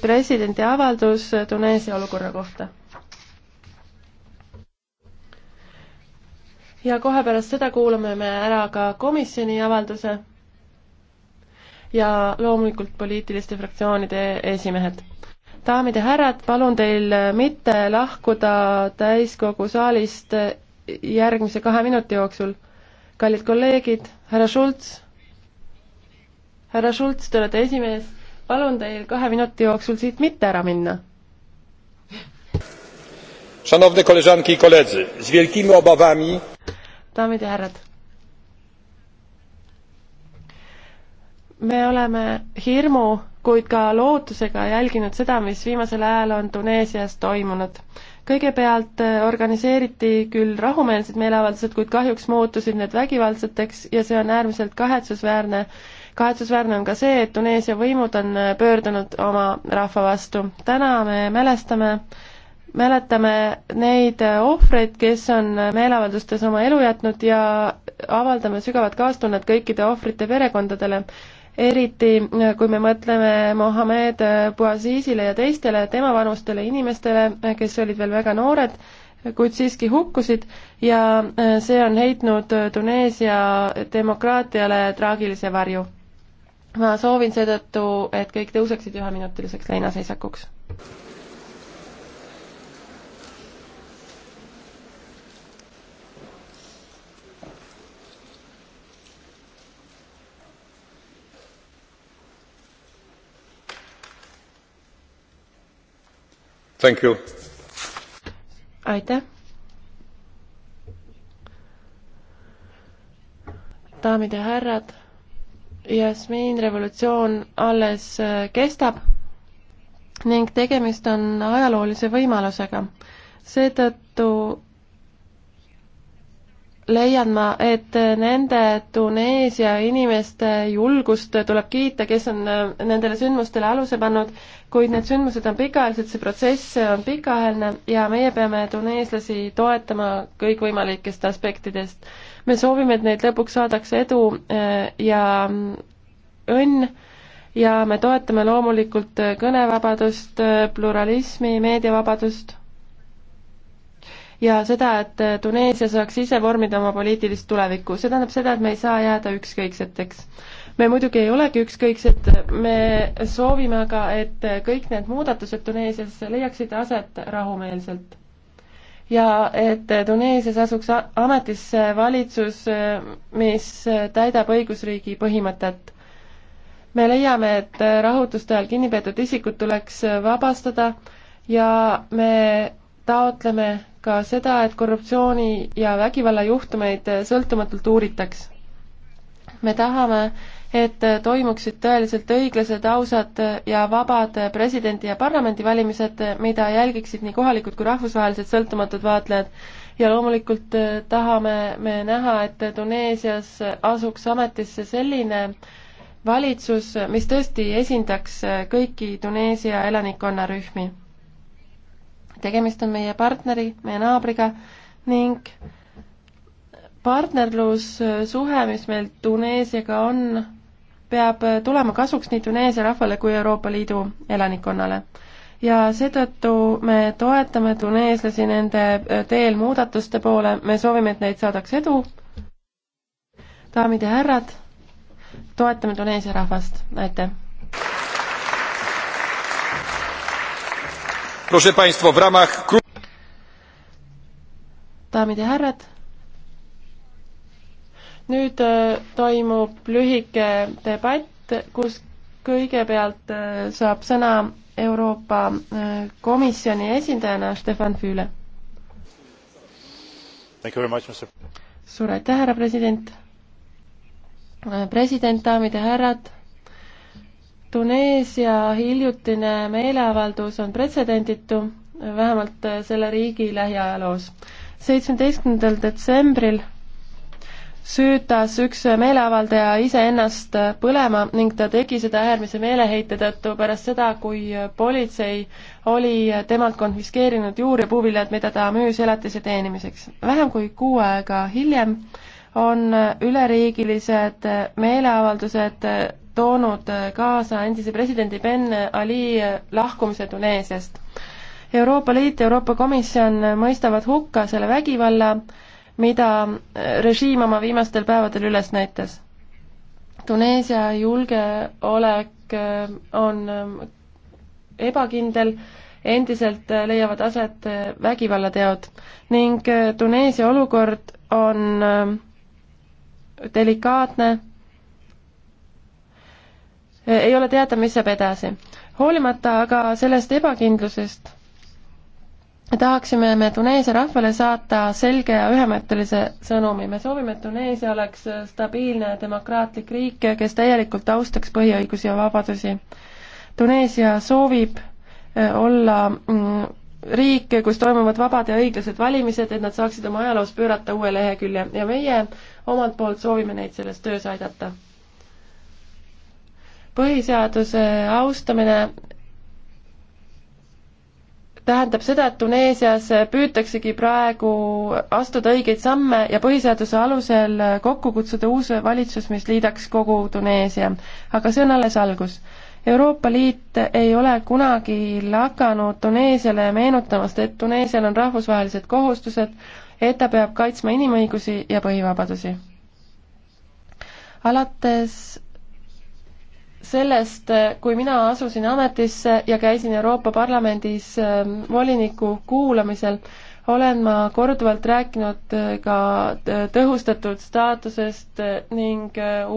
presidendi avaldus Tuneesia olukorra kohta. ja kohe pärast seda kuulame me ära ka komisjoni avalduse ja loomulikult poliitiliste fraktsioonide esimehed. daamid ja härrad, palun teil mitte lahkuda täiskogu saalist järgmise kahe minuti jooksul. kallid kolleegid, härra Schultz, härra Schultz, te olete esimees palun teil kahe minuti jooksul siit mitte ära minna. Szanowne koleżanki i koledzy, z wielkimi obawami daamid ja härrad. me oleme hirmu, kuid ka lootusega jälginud seda, mis viimasel ajal on Tuneesias toimunud. kõigepealt äh, organiseeriti küll rahumeelsed meeleavaldused, kuid kahjuks muutusid need vägivaldseteks ja see on äärmiselt kahetsusväärne kahetsusväärne on ka see, et Tuneesia võimud on pöördunud oma rahva vastu. täna me mälestame, mäletame neid ohvreid, kes on meeleavaldustes oma elu jätnud ja avaldame sügavat kaastunnet kõikide ohvrite perekondadele eriti kui me mõtleme Mohammed Bouazizile ja teistele temavanustele inimestele, kes olid veel väga noored, kuid siiski hukkusid ja see on heitnud Tuneesia demokraatiale traagilise varju ma soovin seetõttu, et kõik tõuseksid üheminutiliseks leinaseisakuks. aitäh! daamid ja härrad! Jasmiin revolutsioon alles äh, kestab ning tegemist on ajaloolise võimalusega. seetõttu leian ma, et nende Tuneesia inimeste julgust tuleb kiita, kes on äh, nendele sündmustele aluse pannud, kuid need sündmused on pikaajalised, see protsess on pikaajaline ja meie peame tuneeslasi toetama kõikvõimalikest aspektidest me soovime, et neid lõpuks saadakse edu äh, ja mm, õnn ja me toetame loomulikult äh, kõnevabadust, äh, pluralismi, meediavabadust ja seda, et Tuneesia saaks ise vormida oma poliitilist tulevikku, see tähendab seda, et me ei saa jääda ükskõikseteks. me muidugi ei olegi ükskõiksed, me soovime aga, et kõik need muudatused Tuneesias leiaksid aset rahumeelselt ja et Tuneesias asuks ametisse valitsus, mis täidab õigusriigi põhimõtet. me leiame, et rahutuste ajal kinni peetud isikud tuleks vabastada ja me taotleme ka seda, et korruptsiooni ja vägivallajuhtumeid sõltumatult uuritaks. me tahame, et toimuksid tõeliselt õiglased, ausad ja vabad presidendi- ja parlamendivalimised, mida jälgiksid nii kohalikud kui rahvusvahelised sõltumatud vaatlejad. ja loomulikult äh, tahame me näha, et Tuneesias asuks ametisse selline valitsus, mis tõesti esindaks äh, kõiki Tuneesia elanikkonnarühmi. tegemist on meie partneri, meie naabriga ning partnerlussuhe, mis meil Tuneesiaga on, peab tulema kasuks nii Tuneesia rahvale kui Euroopa Liidu elanikkonnale. ja seetõttu me toetame tuneeslasi nende teel muudatuste poole, me soovime, et neid saadaks edu, daamid ja härrad, toetame Tuneesia rahvast, aitäh! Proszę Państwa, w ramach... Daamid ja härrad nüüd äh, toimub lühike debatt, kus kõigepealt äh, saab sõna Euroopa äh, Komisjoni esindajana Stefan Füüle. suur aitäh, härra president! president, daamid ja härrad, Tuneesia hiljutine meeleavaldus on pretsedenditu, vähemalt selle riigi lähiajaloos. seitsmeteistkümnendal detsembril süütas üks meeleavaldaja iseennast põlema ning ta tegi seda äärmise meeleheite tõttu pärast seda, kui politsei oli temalt konfiskeerinud juurepuuviljad, mida ta müüs elatise teenimiseks. vähem kui kuu aega hiljem on üleriigilised meeleavaldused toonud kaasa endise presidendi Ben Ali lahkumise Tuneesiast. Euroopa Liit ja Euroopa Komisjon mõistavad hukka selle vägivalla, mida režiim oma viimastel päevadel üles näitas. Tuneesia julgeolek äh, on äh, ebakindel, endiselt äh, leiavad aset vägivallateod ning Tuneesia olukord on delikaatne, ei ole teada, mis saab edasi. hoolimata aga sellest ebakindlusest tahaksime me Tuneesia rahvale saata selge ja ühemõttelise sõnumi. me soovime, et Tuneesia oleks stabiilne ja demokraatlik riik, kes täielikult austaks põhiõigusi ja vabadusi. Tuneesia soovib eh, olla mm, riik, kus toimuvad vabad ja õiglased valimised, et nad saaksid oma ajaloos pöörata uue lehekülje ja meie omalt poolt soovime neid selles töös aidata. põhiseaduse austamine tähendab seda, et Tuneesias püütaksegi praegu astuda õigeid samme ja põhiseaduse alusel kokku kutsuda uus valitsus, mis liidaks kogu Tuneesia. aga see on alles algus. Euroopa Liit ei ole kunagi lakanud Tuneesiale meenutamast, et Tuneesial on rahvusvahelised kohustused, et ta peab kaitsma inimõigusi ja põhivabadusi. alates sellest, äh, kui mina asusin ametisse ja käisin Euroopa Parlamendis ähm, voliniku kuulamisel, olen ma korduvalt rääkinud äh, ka äh, tõhustatud staatusest ning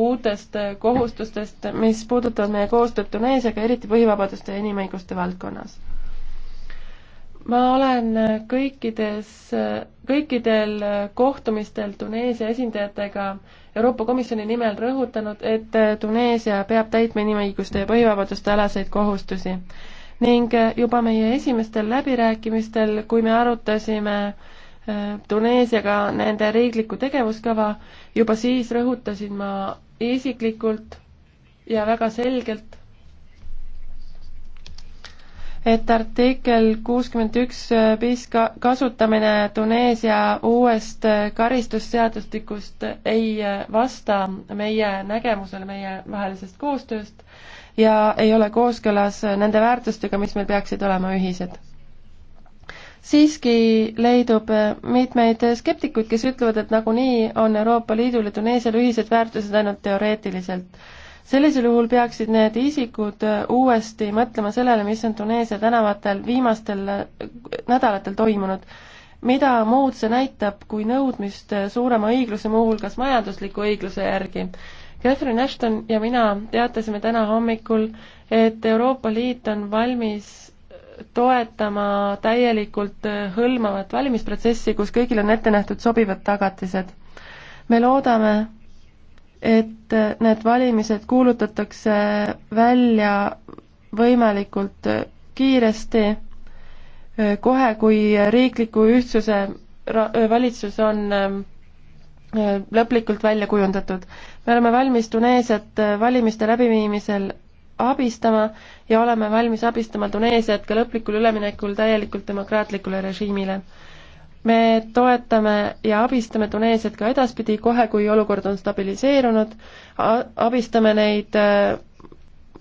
uutest kohustustest, mis puudutavad meie koostööd Tuneesiaga, eriti põhivabaduste ja inimõiguste valdkonnas ma olen kõikides, kõikidel kohtumistel Tuneesia esindajatega Euroopa Komisjoni nimel rõhutanud, et Tuneesia peab täitma inimõiguste ja põhivabaduste alaseid kohustusi. ning juba meie esimestel läbirääkimistel, kui me arutasime äh, Tuneesiaga nende riiklikku tegevuskava, juba siis rõhutasin ma isiklikult ja väga selgelt, et artikkel kuuskümmend üks äh, viis ka-, kasutamine Tuneesia uuest äh, karistusseadustikust ei äh, vasta meie nägemusele meievahelisest koostööst ja ei ole kooskõlas nende väärtustega, mis meil peaksid olema ühised. siiski leidub mitmeid skeptikuid, kes ütlevad, et nagunii on Euroopa Liidul ja Tuneesial ühised väärtused ainult teoreetiliselt sellisel juhul peaksid need isikud äh, uuesti mõtlema sellele, mis on Tuneesia tänavatel viimastel äh, nädalatel toimunud. mida muud see näitab, kui nõudmist äh, suurema õigluse, muuhulgas majandusliku õigluse järgi. Catherine Ashton ja mina teatasime täna hommikul, et Euroopa Liit on valmis toetama täielikult hõlmavat valimisprotsessi, kus kõigil on ette nähtud sobivad tagatised. me loodame, et need valimised kuulutatakse välja võimalikult kiiresti, kohe, kui riikliku ühtsuse valitsus on ähm, lõplikult välja kujundatud. me oleme valmis Tuneesiat äh, valimiste läbiviimisel abistama ja oleme valmis abistama Tuneesiat ka lõplikul üleminekul täielikult demokraatlikule režiimile me toetame ja abistame Tuneesiat ka edaspidi, kohe kui olukord on stabiliseerunud, abistame neid äh,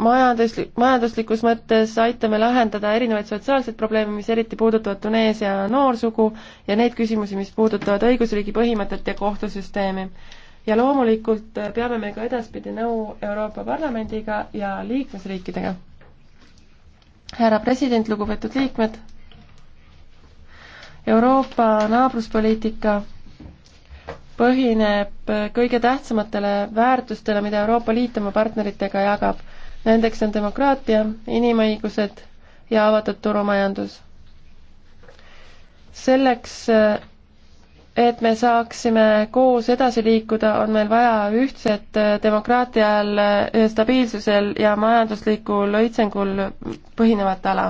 majanduslik, majanduslikus mõttes, aitame lahendada erinevaid sotsiaalseid probleeme, mis eriti puudutavad Tuneesia noorsugu ja neid küsimusi, mis puudutavad õigusriigi põhimõtet ja kohtusüsteemi. ja loomulikult äh, peame me ka edaspidi nõu Euroopa Parlamendiga ja liikmesriikidega. härra president, lugupeetud liikmed Euroopa naabruspoliitika põhineb kõige tähtsamatele väärtustele, mida Euroopa Liit oma partneritega jagab. Nendeks on demokraatia, inimõigused ja avatud turumajandus. selleks, et me saaksime koos edasi liikuda, on meil vaja ühtset demokraatial, stabiilsusel ja majanduslikul õitsengul põhinevat ala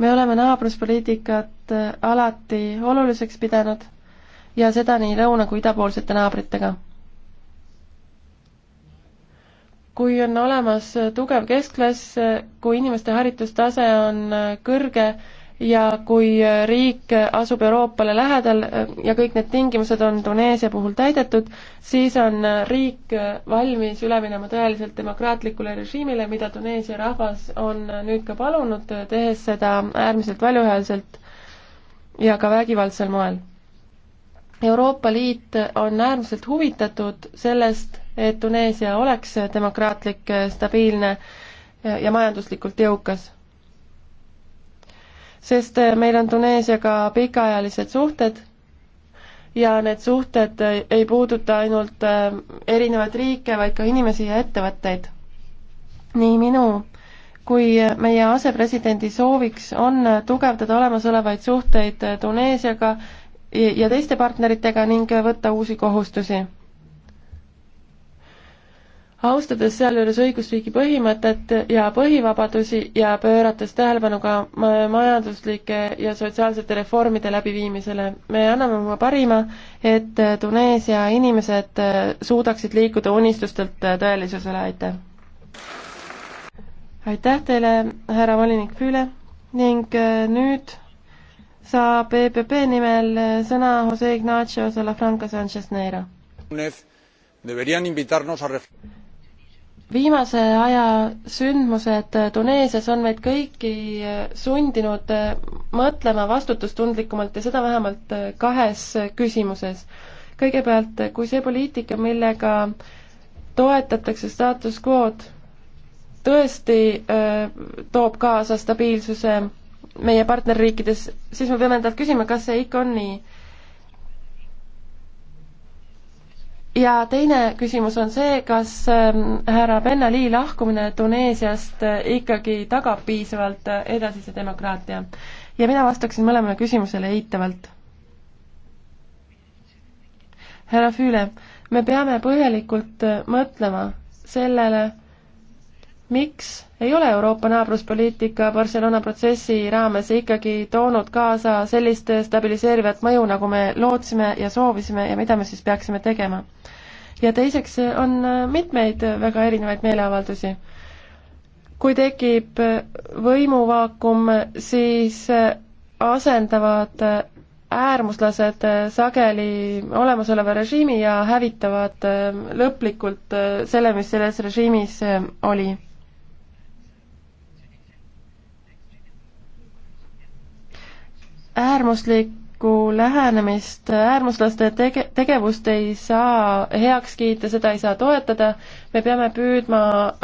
me oleme naabruspoliitikat äh, alati oluliseks pidanud ja seda nii lõuna- kui idapoolsete naabritega. kui on olemas tugev keskklass, kui inimeste haritustase on äh, kõrge, ja kui riik asub Euroopale lähedal ja kõik need tingimused on Tuneesia puhul täidetud, siis on riik valmis üle minema tõeliselt demokraatlikule režiimile, mida Tuneesia rahvas on nüüd ka palunud, tehes seda äärmiselt valjuhäälselt ja ka vägivaldsel moel. Euroopa Liit on äärmiselt huvitatud sellest, et Tuneesia oleks demokraatlik, stabiilne ja majanduslikult jõukas sest äh, meil on Tuneesiaga pikaajalised suhted ja need suhted äh, ei puuduta ainult äh, erinevaid riike, vaid ka inimesi ja ettevõtteid. nii minu kui meie asepresidendi sooviks on tugevdada olemasolevaid suhteid Tuneesiaga ja teiste partneritega ning võtta uusi kohustusi austades sealjuures õigusriigi põhimõtet ja põhivabadusi ja pöörates tähelepanu ka majanduslike ja sotsiaalsete reformide läbiviimisele. me anname oma parima, et Tuneesia inimesed suudaksid liikuda unistustelt tõelisusele, aitäh! aitäh teile, härra volinik Füüle ning äh, nüüd saab EPP nimel äh, sõna Jose Ignacio Salafranca Sanchez Neira. deberían invitarnos a ref- viimase aja sündmused äh, Tuneesias on meid kõiki äh, sundinud äh, mõtlema vastutustundlikumalt ja seda vähemalt kahes küsimuses. kõigepealt, kui see poliitika, millega toetatakse status quo'd, tõesti toob kaasa stabiilsuse meie partnerriikides, siis me peame endalt küsima, kas see ikka on nii ja teine küsimus on see, kas ähm, härra Ben Ali lahkumine Tuneesiast äh, ikkagi tagab piisavalt äh, edasise demokraatia? ja mina vastaksin mõlemale küsimusele eitavalt. härra Füüle, me peame põhjalikult äh, mõtlema sellele, miks ei ole Euroopa naabruspoliitika Barcelona protsessi raames ikkagi toonud kaasa sellist stabiliseerivat mõju, nagu me lootsime ja soovisime ja mida me siis peaksime tegema? ja teiseks on mitmeid väga erinevaid meeleavaldusi. kui tekib võimuvaakum, siis asendavad äärmuslased sageli olemasoleva režiimi ja hävitavad lõplikult selle, mis selles režiimis oli äärmuslikku lähenemist, äärmuslaste tege-, tegevust ei saa heaks kiita, seda ei saa toetada, me peame püüdma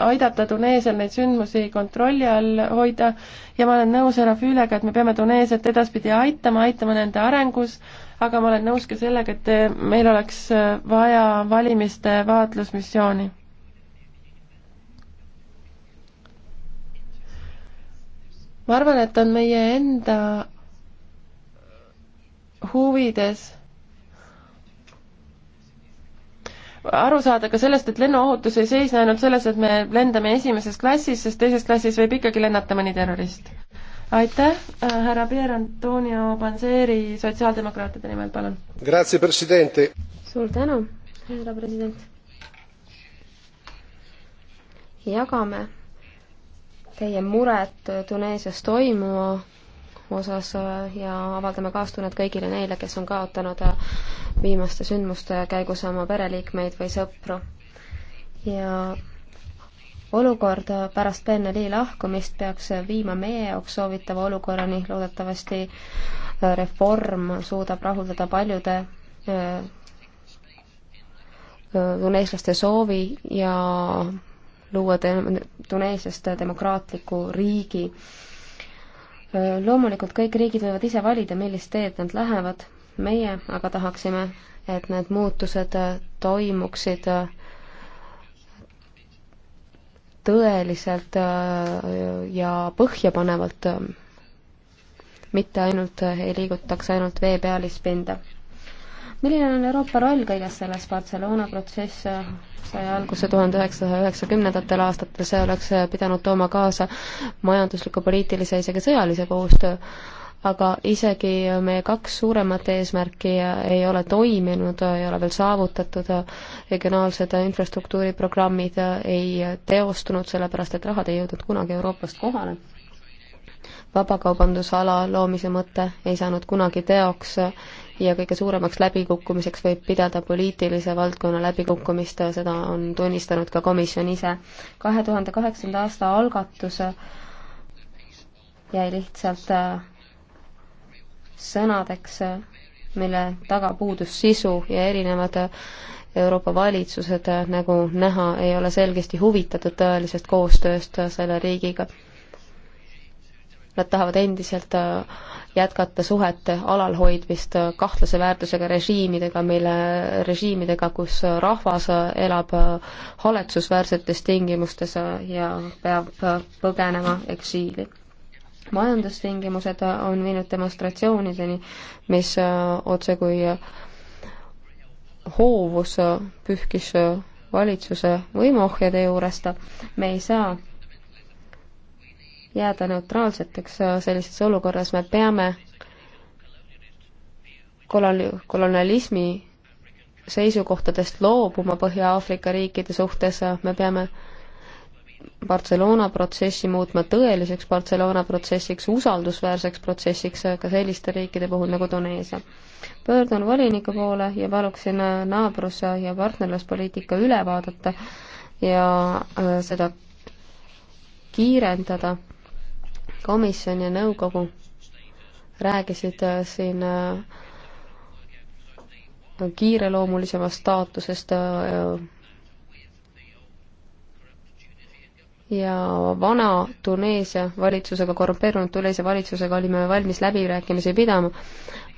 aidata Tuneesial neid sündmusi kontrolli all hoida ja ma olen nõus härra Füülega, et me peame Tuneesiat edaspidi aitama, aitama nende arengus, aga ma olen nõus ka sellega, et meil oleks vaja valimiste vaatlusmissiooni ma arvan, et on meie enda huvides aru saada ka sellest, et lennuohutus ei seisne ainult selles, et me lendame esimeses klassis, sest teises klassis võib ikkagi lennata mõni terrorist. aitäh, äh, härra Pier Antonio Panseri sotsiaaldemokraatide nimel, palun. suur tänu, härra president. jagame teie muret Tuneesias toimuva osas äh, ja avaldame kaastunnet kõigile neile, kes on kaotanud äh, viimaste sündmuste käigus oma pereliikmeid või sõpru. ja olukord äh, pärast BNL-i lahkumist peaks viima meie jaoks soovitava olukorrani, loodetavasti reform suudab rahuldada paljude tuneeslaste soovi ja luua Tuneesiast demokraatliku riigi loomulikult kõik riigid võivad ise valida, millist teed nad lähevad, meie aga tahaksime, et need muutused äh, toimuksid äh, tõeliselt äh, ja põhjapanevalt, mitte ainult ei liigutaks ainult vee pealispinda milline on Euroopa roll kõiges selles, Barcelona protsess äh, sai alguse tuhande üheksasaja üheksakümnendatel aastatel, see oleks äh, pidanud tooma kaasa majandusliku, poliitilise, isegi sõjalise koostöö, aga isegi äh, meie kaks suuremat eesmärki ei ole toiminud, ei ole veel saavutatud, regionaalsed infrastruktuuriprogrammid ei teostunud, sellepärast et rahad ei jõudnud kunagi Euroopast kohale. vabakaubandusala loomise mõte ei saanud kunagi teoks ja kõige suuremaks läbikukkumiseks võib pidada poliitilise valdkonna läbikukkumist, seda on tunnistanud ka komisjon ise. kahe tuhande kaheksanda aasta algatus jäi lihtsalt äh, sõnadeks, mille taga puudus sisu ja erinevad äh, Euroopa valitsused, äh, nagu näha, ei ole selgesti huvitatud tõelisest koostööst selle riigiga Nad tahavad endiselt äh, jätkata suhete alalhoidmist äh, kahtlase väärtusega režiimidega, mille, režiimidega, kus äh, rahvas elab haletsusväärsetes tingimustes ja peab põgenema eksiili majandustingimused on viinud demonstratsioonideni, mis otsekui hoovus pühkis valitsuse võimuohjade juurest. me ei saa jääda neutraalseteks äh, sellises olukorras, me peame kolon-, kolonialismi seisukohtadest loobuma Põhja-Aafrika riikide suhtes, me peame Barcelona protsessi muutma tõeliseks Barcelona protsessiks, usaldusväärseks protsessiks ka selliste riikide puhul nagu Tuneesia. pöördun voliniku poole ja paluksin äh, naabrus- ja partnerluspoliitika üle vaadata ja äh, seda kiirendada komisjon ja nõukogu rääkisid äh, siin äh, kiireloomulisemast staatusest äh, ja vana Tuneesia valitsusega, korrumpeerunud Tuneesia valitsusega olime valmis läbirääkimisi pidama,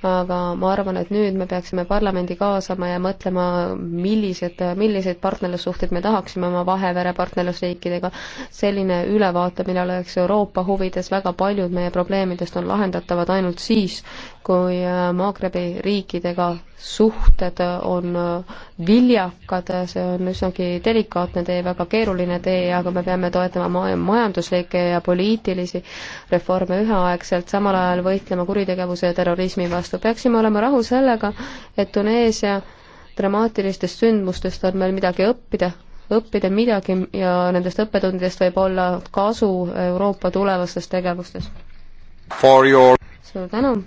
aga ma arvan, et nüüd me peaksime parlamendi kaasama ja mõtlema, millised, milliseid partnerlussuhteid me tahaksime oma Vahevere partnerlusriikidega. selline ülevaate, millel oleks Euroopa huvides, väga paljud meie probleemidest on lahendatavad ainult siis, kui äh, Maagrebi riikidega suhted äh, on äh, viljakad, see on üsnagi delikaatne tee, väga keeruline tee, aga me peame toetama majanduslikke ja poliitilisi reforme üheaegselt, samal ajal võitlema kuritegevuse ja terrorismi vastu. peaksime olema rahul sellega, et Tuneesia dramaatilistest sündmustest on meil midagi õppida, õppida midagi ja nendest õppetundidest võib olla kasu Euroopa tulevastes tegevustes. Your... suur tänu!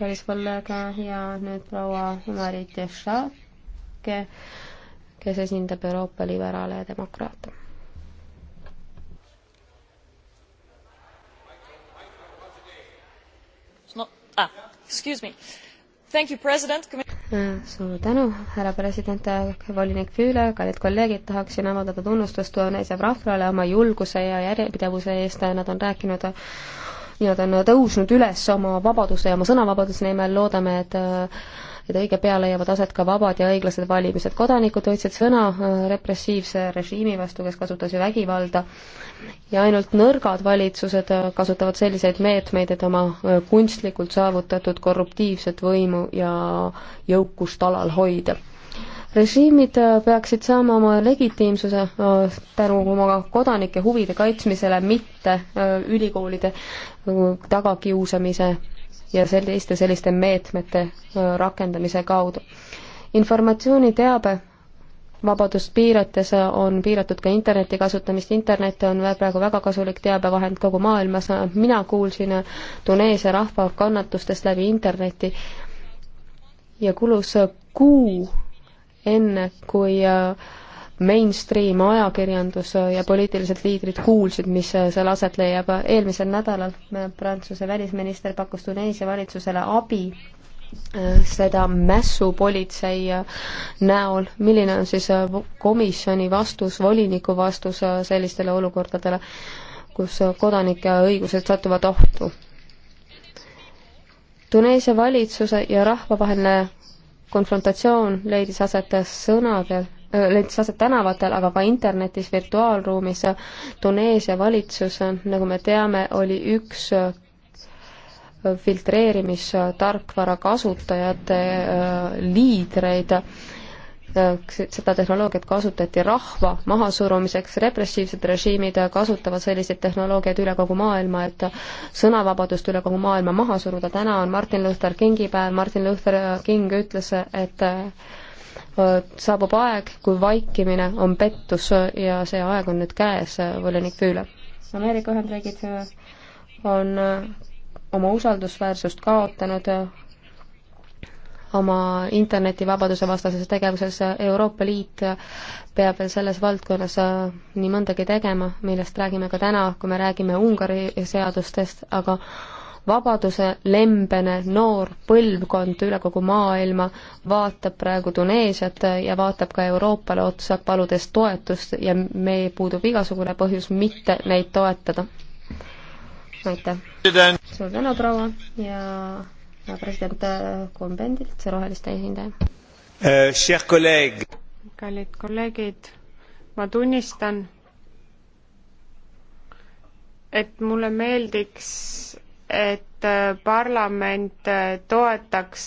väliskolleege ja nüüd proua Marit Jevšake, kes esindab Euroopa liberaale ja demokraate. no ah,, excuse me. Thank you, president äh, suur tänu, härra president, äh, volinik Füüle, kallid kolleegid, tahaksin avaldada tunnustust Tuneesia rahvale oma julguse ja järjepidevuse eest, nad on rääkinud Nad on tõusnud üles oma vabaduse ja oma sõnavabaduse nimel, loodame, et et õige pea leiavad aset ka vabad ja õiglased valimised. kodanikud võtsid sõna äh, repressiivse režiimi vastu, kes kasutas ju vägivalda, ja ainult nõrgad valitsused äh, kasutavad selliseid meetmeid, et oma äh, kunstlikult saavutatud korruptiivset võimu ja jõukust alal hoida režiimid äh, peaksid saama oma legitiimsuse äh, tänu oma kodanike huvide kaitsmisele, mitte äh, ülikoolide tagakiusamise ja selliste, selliste meetmete rakendamise kaudu. informatsiooni teabe vabadust piirates on piiratud ka interneti kasutamist, internet on praegu väga kasulik teabevahend kogu maailmas, mina kuulsin Tuneesia rahva kannatustest läbi interneti ja kulus kuu enne kui äh, mainstream ajakirjandus ja poliitilised liidrid kuulsid, mis äh, seal aset leiab. eelmisel nädalal äh, Prantsuse välisminister pakkus Tuneesia valitsusele abi seda mässupolitsei näol, milline on siis komisjoni vastus, voliniku vastus sellistele olukordadele, kus kodanike õigused satuvad ohtu? Tuneesia valitsuse ja rahva vaheline konfrontatsioon leidis aset sõnadel, leidis aset tänavatel, aga ka internetis, virtuaalruumis. Tuneesia valitsus, nagu me teame, oli üks filtreerimistarkvara kasutajate liidreid Äh, seda tehnoloogiat kasutati rahva mahasurumiseks, repressiivsed režiimid äh, kasutavad selliseid tehnoloogiaid üle kogu maailma, et äh, sõnavabadust üle kogu maailma maha suruda. täna on Martin Luther Kingi päev, Martin Luther King ütles, et saabub aeg, kui vaikimine on pettus ja see aeg on nüüd käes, volinik Füüle. Ameerika Ühendriigid on oma usaldusväärsust kaotanud oma internetivabaduse vastases tegevuses, Euroopa Liit peab veel selles valdkonnas äh, nii mõndagi tegema, millest räägime ka täna, kui me räägime Ungari seadustest, aga vabaduse lembene noor põlvkond üle kogu maailma vaatab praegu Tuneesiat ja vaatab ka Euroopale otsa, paludes toetust ja meil puudub igasugune põhjus mitte neid toetada. aitäh! suur tänu, proua, ja president äh, Kumbendilt, roheliste esindaja eh,. kallid kolleegid, ma tunnistan, et mulle meeldiks, et äh, parlament toetaks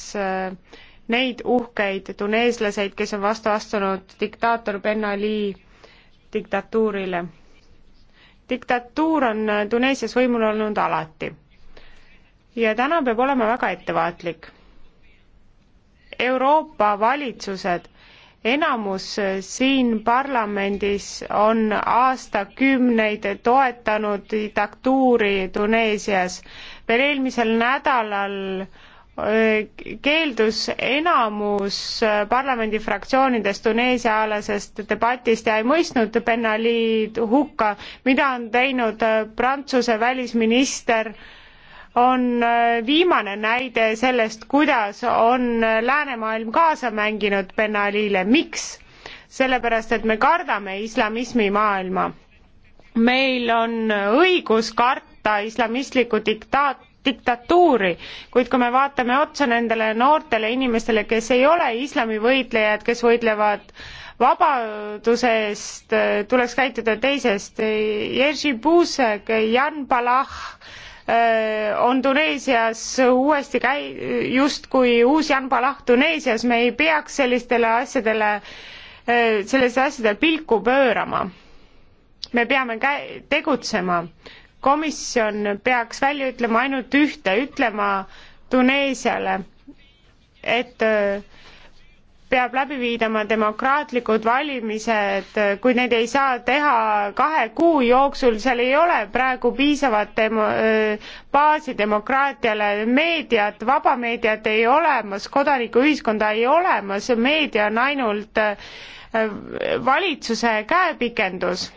neid uhkeid tuneeslaseid, kes on vastu astunud diktaator Ben Ali diktatuurile. diktatuur on Tuneesias võimul olnud alati ja täna peab olema väga ettevaatlik. Euroopa valitsused, enamus siin parlamendis on aastakümneid toetanud diktatuuri Tuneesias. veel eelmisel nädalal eh, keeldus enamus parlamendifraktsioonidest Tuneesiaalasest debatist ja ei mõistnud Ben Ali hukka, mida on teinud Prantsuse välisminister äh, on äh, viimane näide sellest, kuidas on äh, läänemaailm kaasa mänginud Ben Alile, miks? sellepärast, et me kardame islamismimaailma. meil on õigus karta islamistlikku diktaat-, diktatuuri, kuid kui me vaatame otsa nendele noortele inimestele, kes ei ole islamivõitlejad, kes võitlevad vabaduse eest, äh, tuleks käituda teisest. Jerzy Buzek, Jan Palach, Äh, on Tuneesias uuesti käi-, justkui uus jambalah Tuneesias, me ei peaks sellistele asjadele, äh, sellistele asjadele pilku pöörama. me peame kä-, tegutsema. komisjon peaks välja ütlema ainult ühte, ütlema Tuneesiale, et äh, peab läbi viidama demokraatlikud valimised, kui neid ei saa teha kahe kuu jooksul, seal ei ole praegu piisavat demo-, baasi demokraatiale, meediat, vaba meediat ei olemas, kodanikuühiskonda ei olemas, meedia on ainult äh, valitsuse käepikendus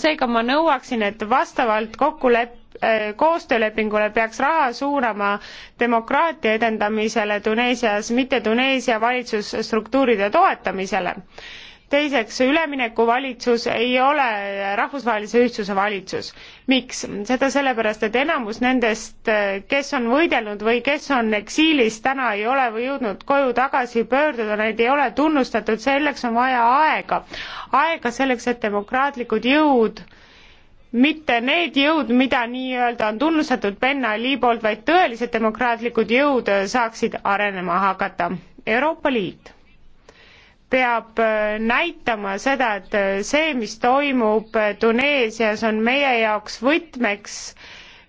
seega ma nõuaksin, et vastavalt kokkulep-, äh, koostöölepingule peaks raha suunama demokraatia edendamisele Tuneesias, mitte Tuneesia valitsusstruktuuride toetamisele teiseks, üleminekuvalitsus ei ole rahvusvahelise ühtsuse valitsus. miks? seda sellepärast, et enamus nendest, kes on võidelnud või kes on eksiilis täna, ei ole või jõudnud koju tagasi pöörduda, neid ei ole tunnustatud, selleks on vaja aega. aega selleks, et demokraatlikud jõud mitte need jõud, mida nii-öelda on tunnustatud Ben Ali poolt, vaid tõelised demokraatlikud jõud saaksid arenema hakata. Euroopa Liit peab äh, näitama seda, et äh, see, mis toimub äh, Tuneesias, on meie jaoks võtmeks,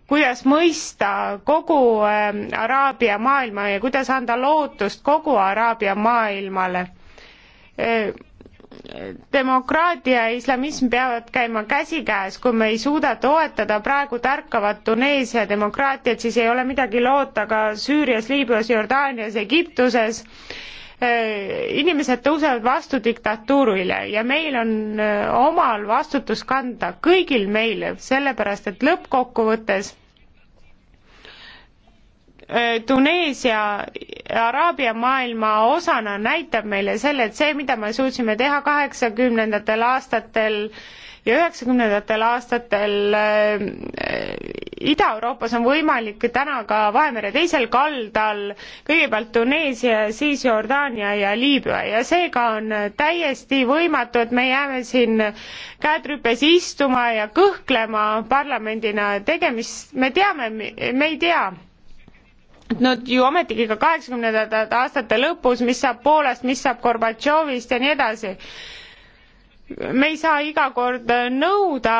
kuidas mõista kogu Araabia maailma ja kuidas anda lootust kogu Araabia maailmale. demokraatia ja islamism peavad käima käsikäes, kui me ei suuda toetada praegu tärkavat Tuneesia demokraatiat, siis ei ole midagi loota ka Süürias, Liibüas, Jordaanias, Egiptuses Äh, inimesed tõusevad vastu diktatuurile ja meil on äh, omal vastutus kanda, kõigil meil, sellepärast et lõppkokkuvõttes äh, Tuneesia araabia maailma osana näitab meile selle, et see, mida me suutsime teha kaheksakümnendatel aastatel äh, ja üheksakümnendatel aastatel äh, Ida-Euroopas on võimalik täna ka Vahemere teisel kaldal kõigepealt Tuneesia, siis Jordaania ja Liibüa ja seega on täiesti võimatu, et me jääme siin käed rüpes istuma ja kõhklema parlamendina tegemist, me teame, me ei tea nad ju ometigi ka kaheksakümnendate aastate lõpus, mis saab Poolast, mis saab Gorbatšovist ja nii edasi me ei saa iga kord nõuda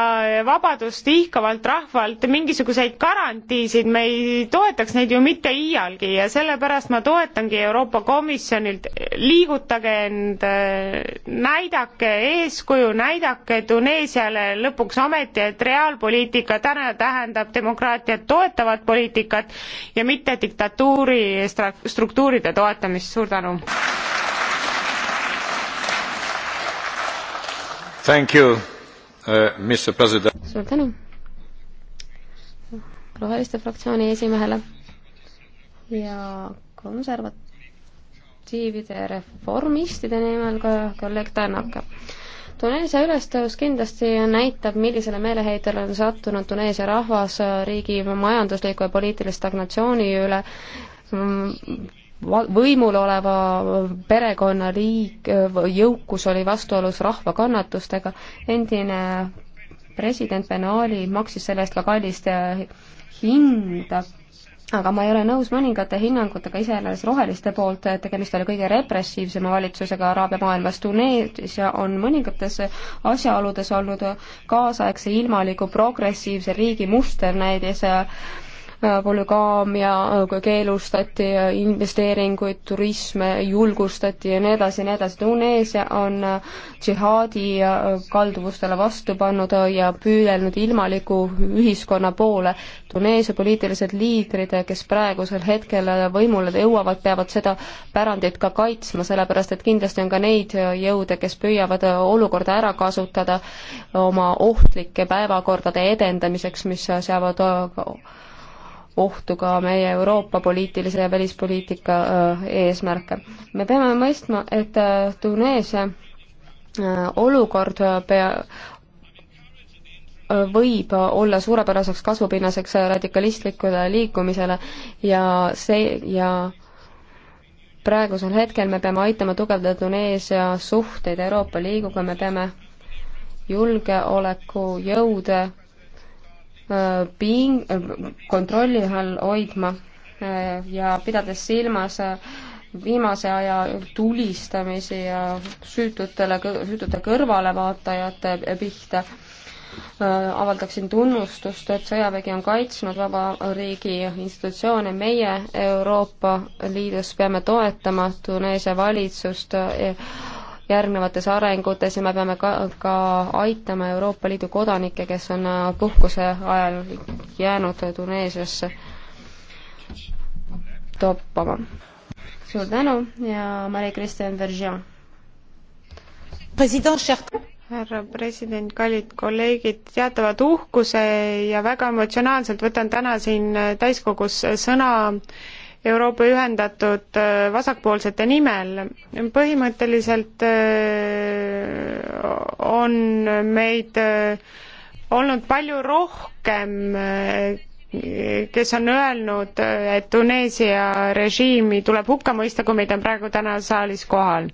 vabadust ihkavalt rahvalt mingisuguseid garantiisid, me ei toetaks neid ju mitte iialgi ja sellepärast ma toetangi Euroopa Komisjonilt, liigutage end, näidake eeskuju, näidake Tuneesiale lõpuks ometi, et reaalpoliitika täna tähendab demokraatiat toetavat poliitikat ja mitte diktatuuri struktuuride toetamist, suur tänu! Uh, suur tänu roheliste fraktsiooni esimehele ja konservatiivide ja reformistide nimel ka kolleeg Tänak. Tuneesia ülestõus kindlasti näitab, millisele meeleheitele on sattunud Tuneesia rahvas riigi majandusliku ja poliitilise stagnatsiooni üle võimul oleva perekonna liik, jõukus oli vastuolus rahva kannatustega, endine president Ben Ali maksis selle eest ka kallist eh, hinda, aga ma ei ole nõus mõningate hinnangutega iseenesest roheliste poolt, tegemist oli kõige repressiivsema valitsusega Araabia maailmas, Tuneesia on mõningates asjaoludes olnud kaasaegse ilmaliku progressiivse riigi musternäidis eh, polügaamia keelustati, investeeringuid, turisme julgustati ja nii edasi ja nii edasi. Tuneesia on džihaadi kalduvustele vastu pannud ja püüelnud ilmaliku ühiskonna poole. Tuneesia poliitilised liidrid, kes praegusel hetkel võimule jõuavad, peavad seda pärandit ka kaitsma, sellepärast et kindlasti on ka neid jõude, kes püüavad olukorda ära kasutada oma ohtlike päevakordade edendamiseks, mis seavad ohtu ka meie Euroopa poliitilise ja välispoliitika äh, eesmärke. me peame mõistma, et äh, Tuneesia äh, olukord pea-, võib olla suurepäraseks kasvupinnaseks radikalistlikule liikumisele ja see ja praegusel hetkel me peame aitama tugevdada Tuneesia suhteid Euroopa Liiduga, me peame julgeolekujõude Äh, ping-, äh, kontrolli all hoidma äh, ja pidades silmas viimase aja tulistamisi ja süütutele, süütute kõrvalevaatajate pihta, avaldaksin tunnustust, et sõjavägi on kaitsnud vaba riigi institutsioone, meie Euroopa Liidus peame toetama Tuneesia valitsust järgnevates arengutes ja me peame ka, ka aitama Euroopa Liidu kodanikke, kes on äh, puhkuse ajal jäänud Tuneesiasse toppama. suur tänu ja Marie-Christine Verjean. president, härra president, kallid kolleegid, teatavad uhkuse ja väga emotsionaalselt võtan täna siin äh, täiskogus sõna Euroopa Ühendatud äh, Vasakpoolsete nimel. põhimõtteliselt äh, on meid äh, olnud palju rohkem kes on öelnud, et Tuneesia režiimi tuleb hukka mõista, kui meid on praegu täna saalis kohal.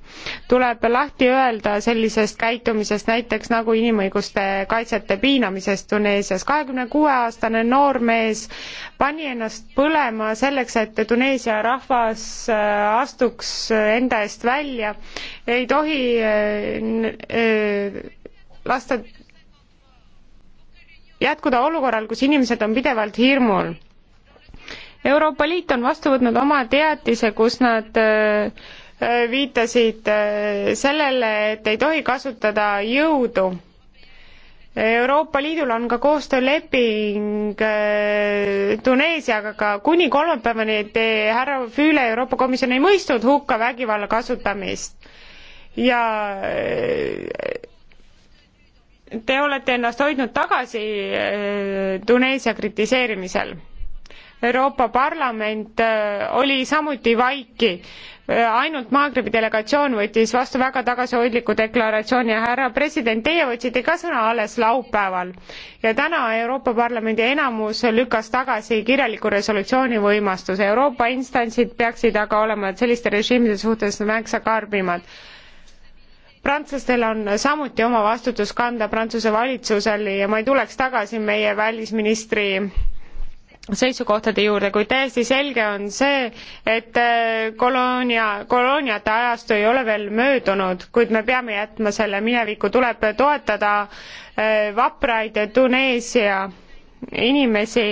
tuleb lahti öelda sellisest käitumisest, näiteks nagu inimõiguste kaitsjate piinamisest Tuneesias. kahekümne kuue aastane noormees pani ennast põlema selleks, et Tuneesia rahvas äh, astuks äh, enda eest välja. ei tohi äh, lasta jätkuda olukorral, kus inimesed on pidevalt hirmul. Euroopa Liit on vastu võtnud oma teatise, kus nad äh, äh, viitasid äh, sellele, et ei tohi kasutada jõudu Euroopa Liidul on ka koostööleping Tuneesiaga, aga kuni kolmapäevani härra Füüle Euroopa Komisjon ei mõistnud hukka vägivalla kasutamist ja te olete ennast hoidnud tagasi äh, Tuneesia kritiseerimisel. Euroopa Parlament äh, oli samuti vaiki, äh, ainult Maagrebi delegatsioon võttis vastu väga tagasihoidliku deklaratsiooni ja härra president, teie võtsite ka sõna alles laupäeval ja täna Euroopa Parlamendi enamus lükkas tagasi kirjaliku resolutsiooni võimastuse. Euroopa instantsid peaksid aga olema selliste režiimide suhtes märksa karmimad prantslastel on samuti oma vastutus kanda Prantsuse valitsusel ja ma ei tuleks tagasi meie välisministri seisukohtade juurde, kuid täiesti selge on see, et äh, koloonia, kolooniate ajastu ei ole veel möödunud, kuid me peame jätma selle minevikku, tuleb toetada äh, vapraid Tuneesia inimesi,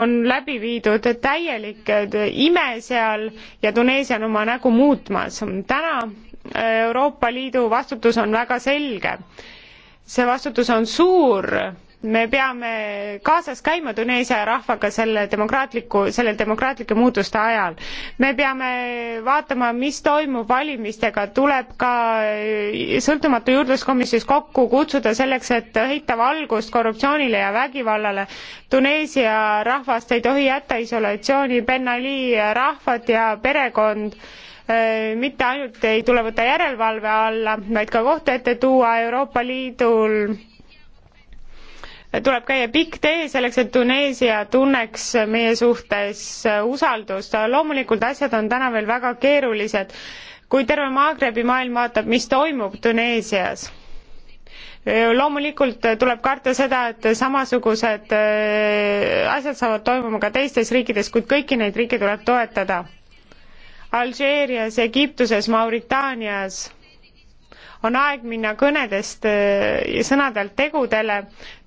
on läbi viidud täielik äh, ime seal ja Tuneesia on oma nägu muutmas. täna Euroopa Liidu vastutus on väga selge. see vastutus on suur, me peame kaasas käima Tuneesia rahvaga selle demokraatliku, sellel demokraatlike muutuste ajal. me peame vaatama, mis toimub valimistega, tuleb ka äh, sõltumatu juurdluskomisjonis kokku kutsuda selleks, et heita valgust korruptsioonile ja vägivallale. Tuneesia rahvast ei tohi jätta isolatsiooni, Ben Ali rahvad ja perekond Äh, mitte ainult ei tule võtta järelevalve alla, vaid ka kohtu ette tuua Euroopa Liidul tuleb käia pikk tee selleks, et Tuneesia tunneks meie suhtes usaldust. loomulikult asjad on täna veel väga keerulised, kui terve Maagrebi maailm vaatab, mis toimub Tuneesias. loomulikult tuleb karta seda, et samasugused äh, asjad saavad toimuma ka teistes riikides, kuid kõiki neid riike tuleb toetada Alžeerias, Egiptuses, Mauritaanias on aeg minna kõnedest äh, ja sõnadelt tegudele,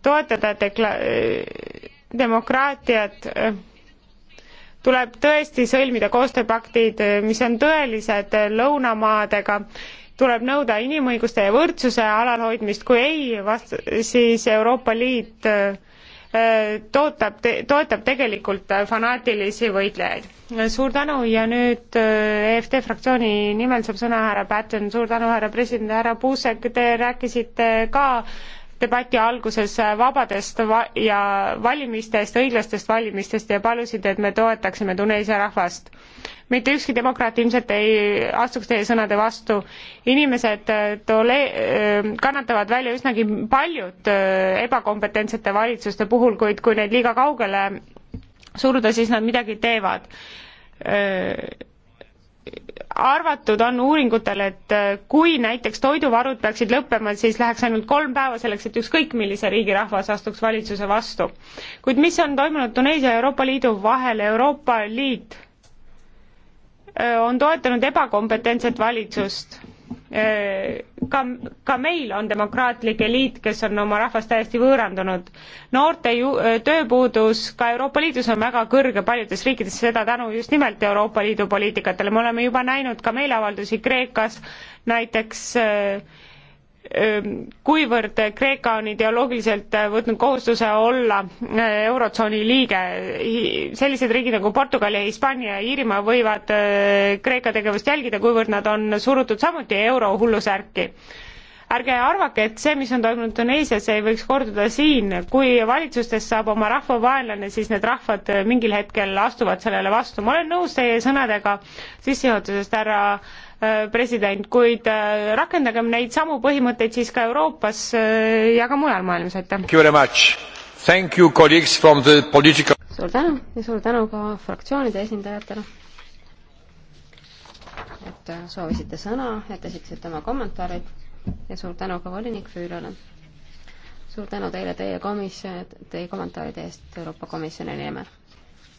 toetada dekla-, äh, demokraatiat, äh, tuleb tõesti sõlmida koostööpaktid, mis on tõelised lõunamaadega, tuleb nõuda inimõiguste ja võrdsuse alalhoidmist, kui ei, vast-, siis Euroopa Liit Äh, tootab, toetab tegelikult äh, fanaatilisi võitlejaid. suur tänu ja nüüd äh, EFT fraktsiooni nimel saab sõna härra Patten, suur tänu, härra president, härra Puusek, te rääkisite ka debati alguses äh, vabadest va- ja valimistest, õiglastest valimistest ja palusid, et me toetaksime Tuneesia rahvast. mitte ükski demokraat ilmselt ei astuks teie sõnade vastu. inimesed äh, tole-, äh, kannatavad välja üsnagi paljud ebakompetentsete valitsuste puhul, kuid kui neid liiga kaugele suruda, siis nad midagi teevad arvatud on uuringutel, et äh, kui näiteks toiduvarud peaksid lõppema, siis läheks ainult kolm päeva selleks, et ükskõik millise riigi rahvas astuks valitsuse vastu. kuid mis on toimunud Tuneesia ja Euroopa Liidu vahel, Euroopa Liit äh, on toetanud ebakompetentset valitsust ka, ka meil on demokraatlik eliit, kes on oma rahvast täiesti võõrandunud. noorte ju, tööpuudus ka Euroopa Liidus on väga kõrge paljudes riikides, seda tänu just nimelt Euroopa Liidu poliitikatele, me oleme juba näinud ka meeleavaldusi Kreekas, näiteks äh, kuivõrd Kreeka on ideoloogiliselt võtnud kohustuse olla äh, Eurotsooni liige, sellised riigid nagu Portugal ja Hispaania ja Iirimaa võivad äh, Kreeka tegevust jälgida, kuivõrd nad on surutud samuti euro hullusärki. ärge arvake, et see, mis on toimunud Tuneesias, ei võiks korduda siin, kui valitsustest saab oma rahva vaenlane, siis need rahvad äh, mingil hetkel astuvad sellele vastu, ma olen nõus teie sõnadega sissejuhatusest, härra Äh, president, kuid äh, rakendagem neid samu põhimõtteid siis ka Euroopas äh, ja ka mujal maailmas, aitäh! Political... suur tänu ja suur tänu ka fraktsioonide esindajatele, et soovisite sõna, et esitasite oma kommentaarid ja suur tänu ka volinik Füülale. suur tänu teile teie komisjon, teie kommentaaride eest Euroopa Komisjoni nimel